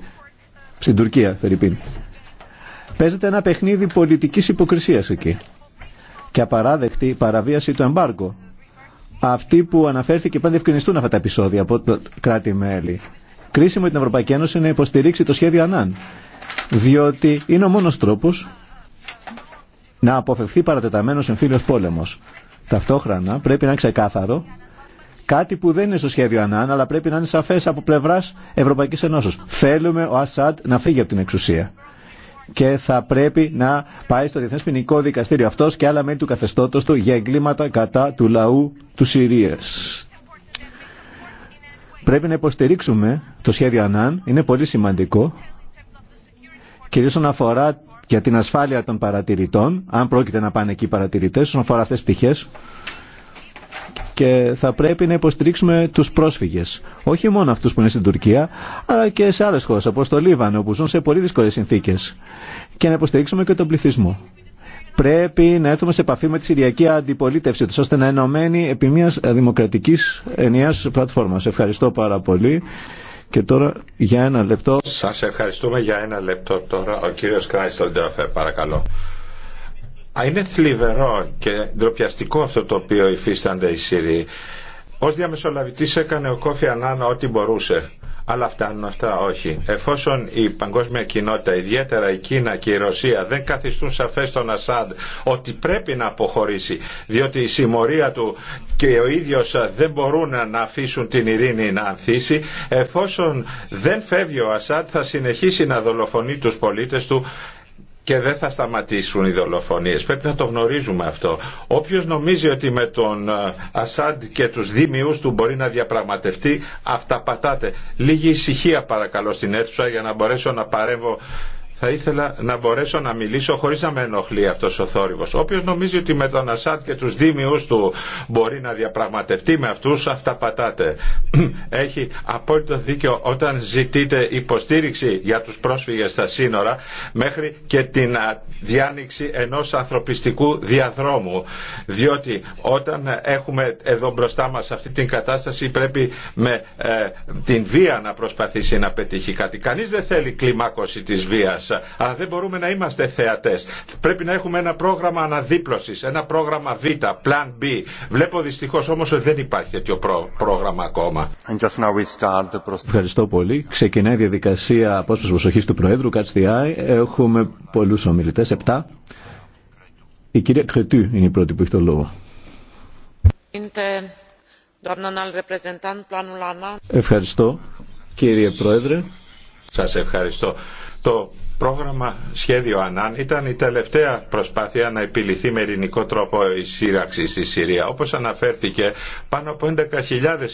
[SPEAKER 4] Στην Τουρκία, Φερρυπίν. Παίζεται ένα παιχνίδι πολιτικής υποκρισίας εκεί. Και απαράδεκτη παραβίαση του εμπάρκο. Αυτοί που αναφέρθηκε πάντα ευκρινιστούν αυτά τα επεισόδια από το κράτη-μέλη. Κρίσιμο την Ευρωπαϊκή Ένωση να υποστηρίξει το σχέδιο Ανάν. Διότι είναι ο μόνος τρόπος να αποφευθεί παρατεταμένος εμφύλιος πόλεμος. Ταυτόχρονα πρέπει να είναι ξεκάθαρο κάτι που δεν είναι στο σχέδιο Ανάν, αλλά πρέπει να είναι σαφές από πλευράς Ευρωπαϊκής Ενώσεως. Θέλουμε ο Ασάντ να φύγει από την εξουσία και θα πρέπει να πάει στο Διεθνές Ποινικό Δικαστήριο αυτός και άλλα μέλη του καθεστώτος του για εγκλήματα κατά του λαού του Συρίας. Πρέπει να υποστηρίξουμε το σχέδιο Ανάν, είναι πολύ σημαντικό, κυρίως όσον αφορά για την ασφάλεια των παρατηρητών, αν πρόκειται να πάνε εκεί οι παρατηρητές, όσον αφορά αυτές πτυχές. Και θα πρέπει να υποστηρίξουμε τους πρόσφυγες. Όχι μόνο αυτούς που είναι στην Τουρκία, αλλά και σε άλλες χώρες, όπως το Λίβανο, που ζουν σε πολύ δύσκολες συνθήκες. Και να υποστηρίξουμε και τον πληθυσμό. Πρέπει να έρθουμε σε επαφή με τη Συριακή Αντιπολίτευση, ώστε να ενωμένει επί μιας δημοκρατικής ενιαίας πλατφόρμας. Ευχαριστώ πάρα πολύ. Και τώρα για ένα λεπτό. Σας ευχαριστούμε
[SPEAKER 7] για ένα λεπτό τώρα. Ο κύριος Ντεόφερ, παρακαλώ. Είναι θλιβερό και ντροπιαστικό αυτό το οποίο υφίστανται οι Σύριοι. Ω διαμεσολαβητή έκανε ο Κόφη Ανάν ό,τι μπορούσε αλλά φτάνουν αυτά όχι. Εφόσον η παγκόσμια κοινότητα, ιδιαίτερα η Κίνα και η Ρωσία δεν καθιστούν σαφέ στον Ασάντ ότι πρέπει να αποχωρήσει διότι η συμμορία του και ο ίδιο δεν μπορούν να αφήσουν την ειρήνη να ανθίσει εφόσον δεν φεύγει ο Ασάντ θα συνεχίσει να δολοφονεί του πολίτε του και δεν θα σταματήσουν οι δολοφονίες. Πρέπει να το γνωρίζουμε αυτό. Όποιος νομίζει ότι με τον ε, Ασάντ και τους δίμιους του μπορεί να διαπραγματευτεί, αυταπατάται. Λίγη ησυχία παρακαλώ στην αίθουσα για να μπορέσω να παρέμβω θα ήθελα να μπορέσω να μιλήσω χωρίς να με ενοχλεί αυτός ο θόρυβος. Όποιος νομίζει ότι με τον Ασάτ και τους δίμιους του μπορεί να διαπραγματευτεί με αυτούς, αυτά πατάτε. Έχει απόλυτο δίκιο όταν ζητείτε υποστήριξη για τους πρόσφυγες στα σύνορα μέχρι και την διάνοιξη ενός ανθρωπιστικού διαδρόμου. Διότι όταν έχουμε εδώ μπροστά μας αυτή την κατάσταση πρέπει με ε, την βία να προσπαθήσει να πετύχει κάτι. Κανείς δεν θέλει κλιμάκωση της βίας αλλά δεν μπορούμε να είμαστε θεατέ. Πρέπει να έχουμε ένα πρόγραμμα αναδίπλωση, ένα πρόγραμμα Β, Plan B. Βλέπω δυστυχώ όμω ότι δεν υπάρχει τέτοιο πρόγραμμα
[SPEAKER 5] ακόμα.
[SPEAKER 4] Ευχαριστώ πολύ. Ξεκινάει η διαδικασία απόσπαση προσοχή του Προέδρου, ΚΑΤΣΤΙΑΙ. Έχουμε πολλού ομιλητέ, επτά. Η κυρία Κρετού είναι η πρώτη που έχει το λόγο. Ευχαριστώ κύριε Πρόεδρε. Σας ευχαριστώ.
[SPEAKER 7] Το πρόγραμμα σχέδιο Ανάν ήταν η τελευταία προσπάθεια να επιληθεί με ειρηνικό τρόπο η σύραξη στη Συρία. Όπως αναφέρθηκε, πάνω από 11.000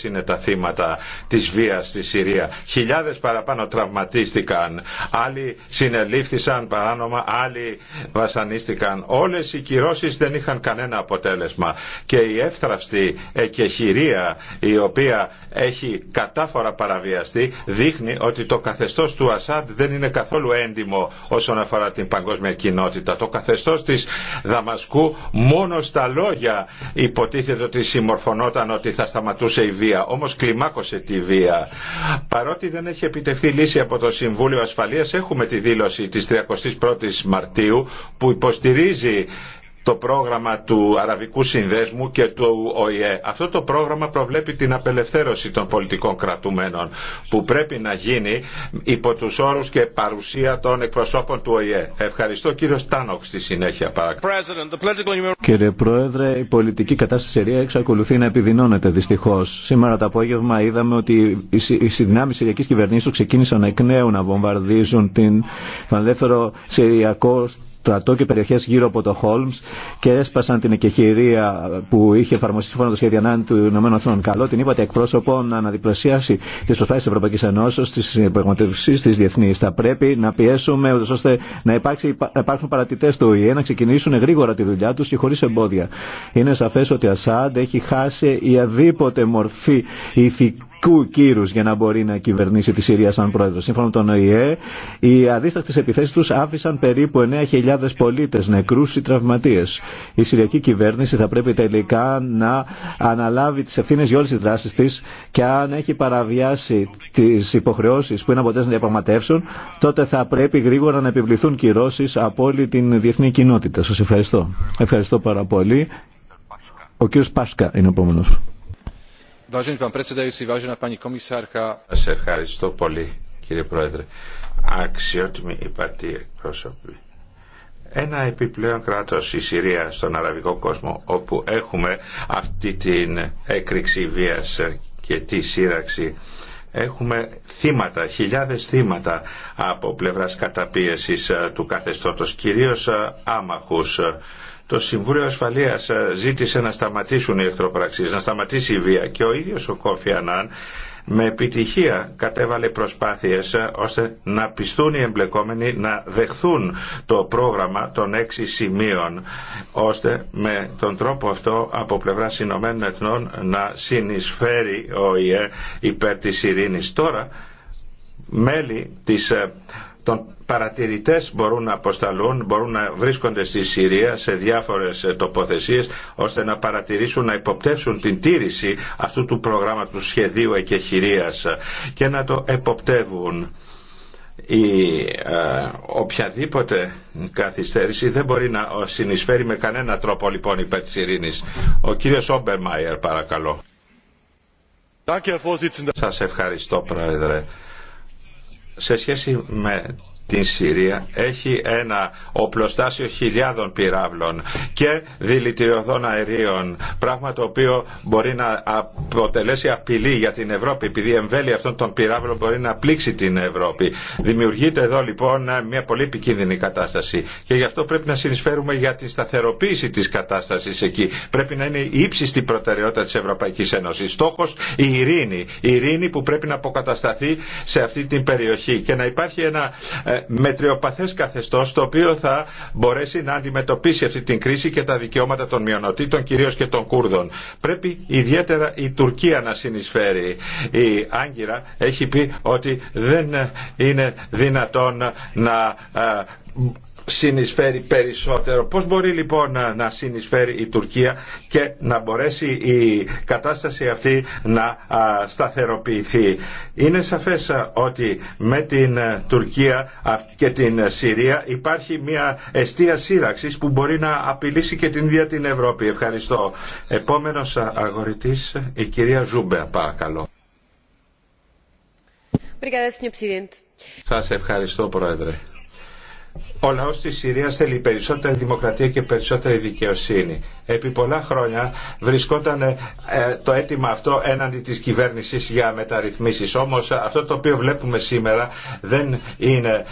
[SPEAKER 7] είναι τα θύματα της βίας στη Συρία. Χιλιάδες παραπάνω τραυματίστηκαν, άλλοι συνελήφθησαν παράνομα, άλλοι βασανίστηκαν. Όλες οι κυρώσεις δεν είχαν κανένα αποτέλεσμα και η εύθραυστη εκεχηρία η οποία έχει κατάφορα παραβιαστεί δείχνει ότι το καθεστώς του Ασάντ δεν είναι καθόλου καθόλου έντιμο όσον αφορά την παγκόσμια κοινότητα. Το καθεστώς της Δαμασκού μόνο στα λόγια υποτίθεται ότι συμμορφωνόταν ότι θα σταματούσε η βία. Όμως κλιμάκωσε τη βία. Παρότι δεν έχει επιτευχθεί λύση από το Συμβούλιο Ασφαλείας έχουμε τη δήλωση της 31ης Μαρτίου που υποστηρίζει το πρόγραμμα του Αραβικού Συνδέσμου και του ΟΗΕ. Αυτό το πρόγραμμα προβλέπει την απελευθέρωση των πολιτικών κρατουμένων που πρέπει να γίνει υπό τους όρους και παρουσία των εκπροσώπων του ΟΗΕ. Ευχαριστώ κύριο Στάνοξ στη συνέχεια
[SPEAKER 4] Κύριε Πρόεδρε, η πολιτική κατάσταση Συρία εξακολουθεί να επιδεινώνεται δυστυχώ. Σήμερα το απόγευμα είδαμε ότι οι συνδυνάμει Συριακή κυβερνήσεω ξεκίνησαν εκ νέου να βομβαρδίζουν την, τον ελεύθερο Συριακό στρατό και περιοχέ γύρω από το Χόλμ και έσπασαν την εκεχηρία που είχε εφαρμοστεί σύμφωνα με το σχέδιο ανάγκη του ΗΠΑ. Καλό την είπατε εκπρόσωπο να αναδιπλασιάσει τι προσπάθειε τη Ευρωπαϊκή Ενώσεω, τη πραγματευσίε τη διεθνή. Θα πρέπει να πιέσουμε ώστε να, υπάρξει, να παρατητέ του ΟΗΕ να ξεκινήσουν γρήγορα τη δουλειά του και χωρί εμπόδια. Είναι σαφέ ότι Ασάντ έχει χάσει η αδίποτε μορφή ηθική κύρου για να μπορεί να κυβερνήσει τη Συρία σαν πρόεδρο. Σύμφωνα με τον ΟΗΕ, οι αδίστακτε επιθέσει του άφησαν περίπου 9.000 πολίτε νεκρού ή τραυματίε. Η Συριακή κυβέρνηση θα πρέπει τελικά να αναλάβει τι ευθύνε για όλε τι δράσει τη και αν έχει παραβιάσει τι υποχρεώσει που είναι αποτέλεσμα διαπραγματεύσεων, τότε θα πρέπει γρήγορα να επιβληθούν κυρώσει από όλη την διεθνή κοινότητα. Σα ευχαριστώ. Ευχαριστώ πάρα πολύ. Ο κύριος Πάσκα είναι ο επόμενος.
[SPEAKER 5] Σας ευχαριστώ πολύ κύριε Πρόεδρε.
[SPEAKER 7] Αξιότιμοι υπατή εκπρόσωποι. Ένα επιπλέον κράτος η Συρία στον αραβικό κόσμο όπου έχουμε αυτή την έκρηξη βίας και τη σύραξη έχουμε θύματα, χιλιάδες θύματα από πλευράς καταπίεσης του καθεστώτος, κυρίως άμαχους το Συμβούλιο Ασφαλείας ε, ζήτησε να σταματήσουν οι εχθροπραξίε, να σταματήσει η βία και ο ίδιος ο Κόφι Ανάν με επιτυχία κατέβαλε προσπάθειες ε, ώστε να πιστούν οι εμπλεκόμενοι να δεχθούν το πρόγραμμα των έξι σημείων ώστε με τον τρόπο αυτό από πλευρά Ηνωμένων Εθνών να συνεισφέρει ο ΙΕ υπέρ τη Ειρηνή. Τώρα μέλη της, ε, παρατηρητές μπορούν να αποσταλούν, μπορούν να βρίσκονται στη Συρία σε διάφορες ε, τοποθεσίες ώστε να παρατηρήσουν, να υποπτεύσουν την τήρηση αυτού του προγράμματος σχεδίου εκεχηρίας ε, και να το εποπτεύουν η ε, οποιαδήποτε καθυστέρηση δεν μπορεί να συνεισφέρει με κανένα τρόπο λοιπόν υπέρ της ειρήνης. Ο κύριος Όμπερμαϊερ παρακαλώ. Σας ευχαριστώ πρόεδρε. Σε σχέση με την Συρία έχει ένα οπλοστάσιο χιλιάδων πυράβλων και δηλητηριωδών αερίων πράγμα το οποίο μπορεί να αποτελέσει απειλή για την Ευρώπη επειδή η εμβέλεια αυτών των πυράβλων μπορεί να πλήξει την Ευρώπη. Δημιουργείται εδώ λοιπόν μια πολύ επικίνδυνη κατάσταση και γι' αυτό πρέπει να συνεισφέρουμε για τη σταθεροποίηση της κατάστασης εκεί. Πρέπει να είναι η ύψιστη προτεραιότητα της Ευρωπαϊκής Ένωσης. Στόχος η ειρήνη. Η ειρήνη που πρέπει να αποκατασταθεί σε αυτή την περιοχή και να υπάρχει ένα ε, μετριοπαθέ καθεστώ, το οποίο θα μπορέσει να αντιμετωπίσει αυτή την κρίση και τα δικαιώματα των μειονοτήτων κυρίως και των Κούρδων. Πρέπει ιδιαίτερα η Τουρκία να συνεισφέρει. Η Άγκυρα έχει πει ότι δεν είναι δυνατόν να ε, συνεισφέρει περισσότερο. Πώς μπορεί λοιπόν να συνεισφέρει η Τουρκία και να μπορέσει η κατάσταση αυτή να σταθεροποιηθεί. Είναι σαφές ότι με την Τουρκία και την Συρία υπάρχει μια αιστεία σύραξης που μπορεί να απειλήσει και την ίδια την Ευρώπη. Ευχαριστώ. Επόμενος αγορητής η κυρία Ζούμπε παρακαλώ. Σας ευχαριστώ Πρόεδρε. Ο λαός της Συρίας θέλει περισσότερη δημοκρατία και περισσότερη δικαιοσύνη επί πολλά χρόνια βρισκόταν ε, ε, το αίτημα αυτό έναντι της κυβέρνησης για μεταρρυθμίσεις. Όμως αυτό το οποίο βλέπουμε σήμερα δεν είναι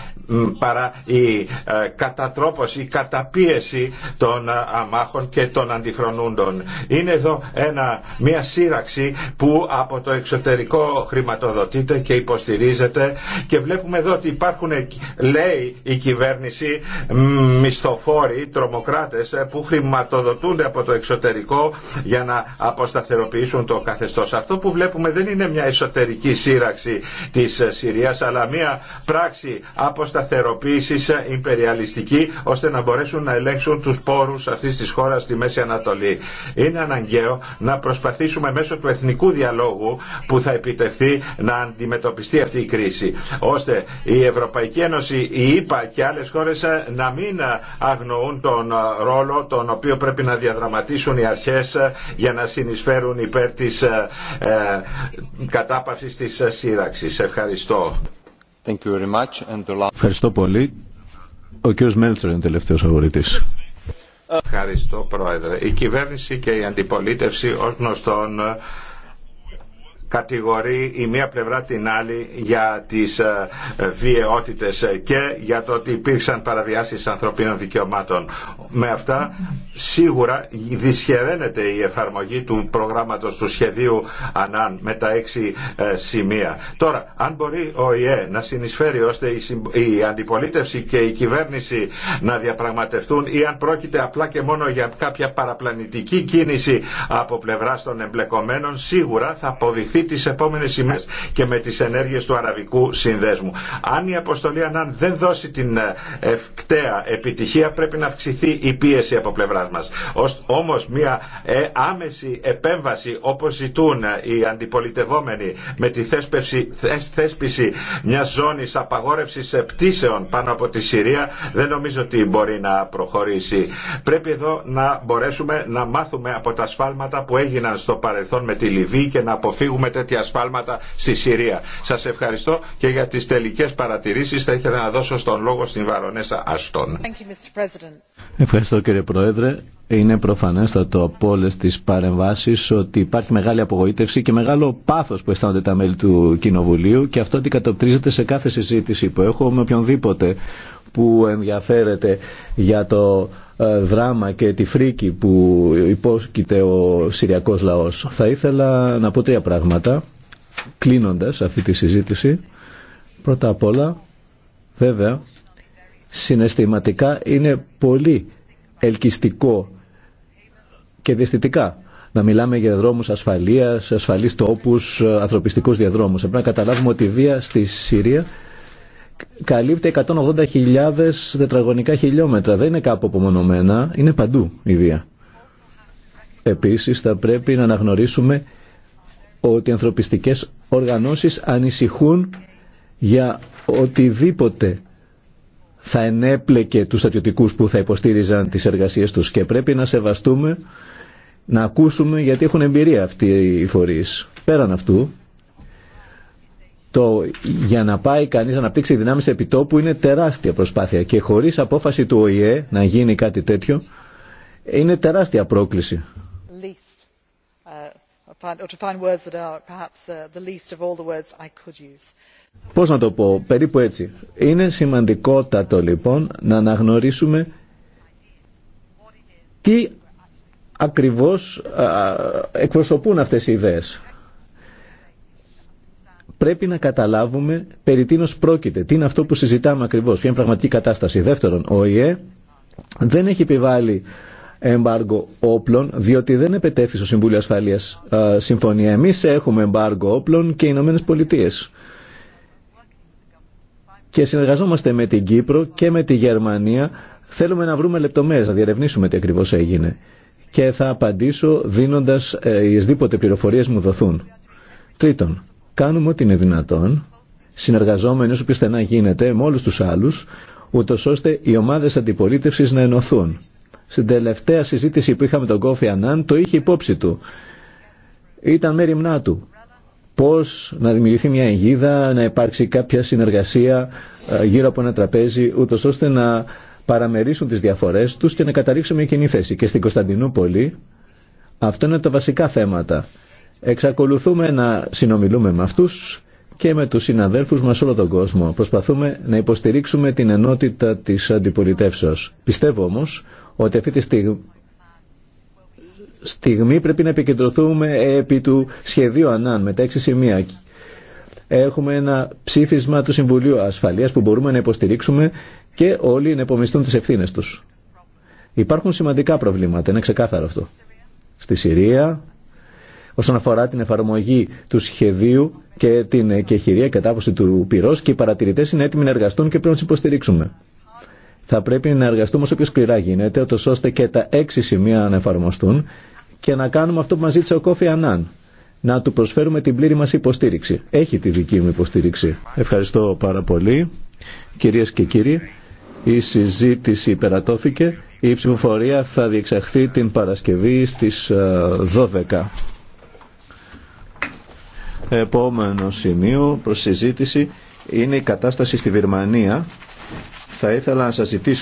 [SPEAKER 7] παρά η ε, κατατρόπωση, η καταπίεση των αμάχων και των αντιφρονούντων. Είναι εδώ ένα, μια σύραξη που από το εξωτερικό χρηματοδοτείται και υποστηρίζεται και βλέπουμε εδώ ότι υπάρχουν, λέει η κυβέρνηση, μισθοφόροι, τρομοκράτες που χρηματοδοτούν από το εξωτερικό για να αποσταθεροποιήσουν το καθεστώς. Αυτό που βλέπουμε δεν είναι μια εσωτερική σύραξη της Συρίας αλλά μια πράξη αποσταθεροποίησης υπεριαλιστική ώστε να μπορέσουν να ελέγξουν τους πόρους αυτής της χώρας στη Μέση Ανατολή. Είναι αναγκαίο να προσπαθήσουμε μέσω του εθνικού διαλόγου που θα επιτευχθεί να αντιμετωπιστεί αυτή η κρίση ώστε η Ευρωπαϊκή Ένωση, η ΕΠΑ ΕΕ και άλλες χώρες να μην αγνοούν τον ρόλο τον οποίο πρέπει να διαδραματίσουν οι αρχές ε, για να συνεισφέρουν υπέρ της ε, ε κατάπαυσης της ε, σύραξης. Ευχαριστώ. Thank you very much. And the
[SPEAKER 4] last... Ευχαριστώ πολύ. Ο κ. Μέλτσερ είναι τελευταίος αγορητής.
[SPEAKER 7] Ευχαριστώ Πρόεδρε. Η κυβέρνηση και η αντιπολίτευση ως γνωστόν κατηγορεί η μία πλευρά την άλλη για τις ε, βιαιότητες και για το ότι υπήρξαν παραβιάσεις ανθρωπίνων δικαιωμάτων. Με αυτά σίγουρα δυσχεραίνεται η εφαρμογή του προγράμματος του σχεδίου ΑΝΑΝ με τα έξι ε, σημεία. Τώρα, αν μπορεί ο ΙΕ να συνεισφέρει ώστε η αντιπολίτευση και η κυβέρνηση να διαπραγματευτούν ή αν πρόκειται απλά και μόνο για κάποια παραπλανητική κίνηση από πλευρά των εμπλεκομένων, σίγουρα θα αποδειχθεί τι τις επόμενες ημέρες και με τις ενέργειες του Αραβικού Συνδέσμου. Αν η αποστολή Ανάν δεν δώσει την ε, ευκταία επιτυχία πρέπει να αυξηθεί η πίεση από πλευράς μας. Όμως μια ε, άμεση επέμβαση όπως ζητούν ε, οι αντιπολιτευόμενοι με τη θέσπιση μια ζώνη απαγόρευσης πτήσεων πάνω από τη Συρία δεν νομίζω ότι μπορεί να προχωρήσει. Πρέπει εδώ να μπορέσουμε να μάθουμε από τα σφάλματα που έγιναν στο παρελθόν με τη Λιβύη και να αποφύγουμε τέτοια σφάλματα στη Συρία. Σας ευχαριστώ και για τις τελικές παρατηρήσεις θα ήθελα να δώσω στον λόγο στην Βαρονέσα Αστών.
[SPEAKER 4] Ευχαριστώ κύριε Πρόεδρε. Είναι προφανέστατο από όλε τι παρεμβάσει ότι υπάρχει μεγάλη απογοήτευση και μεγάλο πάθο που αισθάνονται τα μέλη του Κοινοβουλίου και αυτό αντικατοπτρίζεται σε κάθε συζήτηση που έχω με οποιονδήποτε που ενδιαφέρεται για το ε, δράμα και τη φρίκη που υπόσχεται ο Συριακός λαός. Θα ήθελα να πω τρία πράγματα, κλείνοντας αυτή τη συζήτηση. Πρώτα απ' όλα, βέβαια, συναισθηματικά είναι πολύ ελκυστικό και δυστητικά να μιλάμε για δρόμους ασφαλείας, ασφαλείς τόπους, ε, ανθρωπιστικούς διαδρόμους. Πρέπει να καταλάβουμε ότι η βία στη Συρία καλύπτει 180.000 τετραγωνικά χιλιόμετρα. Δεν είναι κάπου απομονωμένα, είναι παντού η βία. Επίσης θα πρέπει να αναγνωρίσουμε ότι οι ανθρωπιστικές οργανώσεις ανησυχούν για οτιδήποτε θα ενέπλεκε τους στρατιωτικούς που θα υποστήριζαν τις εργασίες τους και πρέπει να σεβαστούμε, να ακούσουμε γιατί έχουν εμπειρία αυτοί οι φορείς. Πέραν αυτού το για να πάει κανείς να αναπτύξει δυνάμεις επιτόπου είναι τεράστια προσπάθεια και χωρίς απόφαση του ΟΗΕ να γίνει κάτι τέτοιο είναι τεράστια πρόκληση.
[SPEAKER 1] Uh, uh,
[SPEAKER 4] Πώς να το πω, περίπου έτσι. Είναι σημαντικότατο λοιπόν να αναγνωρίσουμε τι ακριβώς εκπροσωπούν αυτές οι ιδέες πρέπει να καταλάβουμε περί τίνος πρόκειται, τι είναι αυτό που συζητάμε ακριβώς, ποια είναι η πραγματική κατάσταση. Δεύτερον, ο ΙΕ δεν έχει επιβάλει εμπάργκο όπλων, διότι δεν επετέφθη στο Συμβούλιο ασφαλεία συμφωνία. Εμεί έχουμε εμπάργκο όπλων και οι Ηνωμένε Πολιτείε. Και συνεργαζόμαστε με την Κύπρο και με τη Γερμανία. Θέλουμε να βρούμε λεπτομέρειε, να διερευνήσουμε τι ακριβώ έγινε. Και θα απαντήσω δίνοντα ε, πληροφορίε μου δοθούν. Τρίτον, Κάνουμε ό,τι είναι δυνατόν, συνεργαζόμενοι όσο πιο στενά γίνεται με όλου του άλλου, ούτω ώστε οι ομάδε αντιπολίτευση να ενωθούν. Στην τελευταία συζήτηση που είχαμε τον Κόφι Ανάν, το είχε υπόψη του. Ήταν μέρη του. Πώ να δημιουργηθεί μια αιγίδα, να υπάρξει κάποια συνεργασία ε, γύρω από ένα τραπέζι, ούτω ώστε να παραμερίσουν τι διαφορέ του και να καταλήξουμε μια κοινή θέση. Και στην Κωνσταντινούπολη αυτό είναι τα βασικά θέματα. Εξακολουθούμε να συνομιλούμε με αυτούς και με τους συναδέλφους μας όλο τον κόσμο. Προσπαθούμε να υποστηρίξουμε την ενότητα της αντιπολιτεύσεως. Πιστεύω όμως ότι αυτή τη στιγμή πρέπει να επικεντρωθούμε επί του σχεδίου ΑΝΑΝ με τα έξι σημεία. Έχουμε ένα ψήφισμα του Συμβουλίου Ασφαλείας που μπορούμε να υποστηρίξουμε και όλοι να υπομισθούν τις ευθύνες τους. Υπάρχουν σημαντικά προβλήματα, είναι ξεκάθαρο αυτό. Στη Συρία όσον αφορά την εφαρμογή του σχεδίου και την κεχηρία κατάποση του πυρό και οι παρατηρητέ είναι έτοιμοι να εργαστούν και πρέπει να του υποστηρίξουμε. Θα πρέπει να εργαστούμε όσο πιο σκληρά γίνεται, ώστε και τα έξι σημεία να εφαρμοστούν και να κάνουμε αυτό που μα ζήτησε ο Κόφη Ανάν. Να του προσφέρουμε την πλήρη μα υποστήριξη. Έχει τη δική μου υποστήριξη. Ευχαριστώ πάρα πολύ. κυρίε και κύριοι, η συζήτηση υπερατώθηκε. Η ψηφοφορία θα διεξαχθεί την Παρασκευή στις 12. Ε, Επόμενο σημείο προς συζήτηση είναι η κατάσταση στη Βυρμανία. Θα ήθελα να σας ζητήσω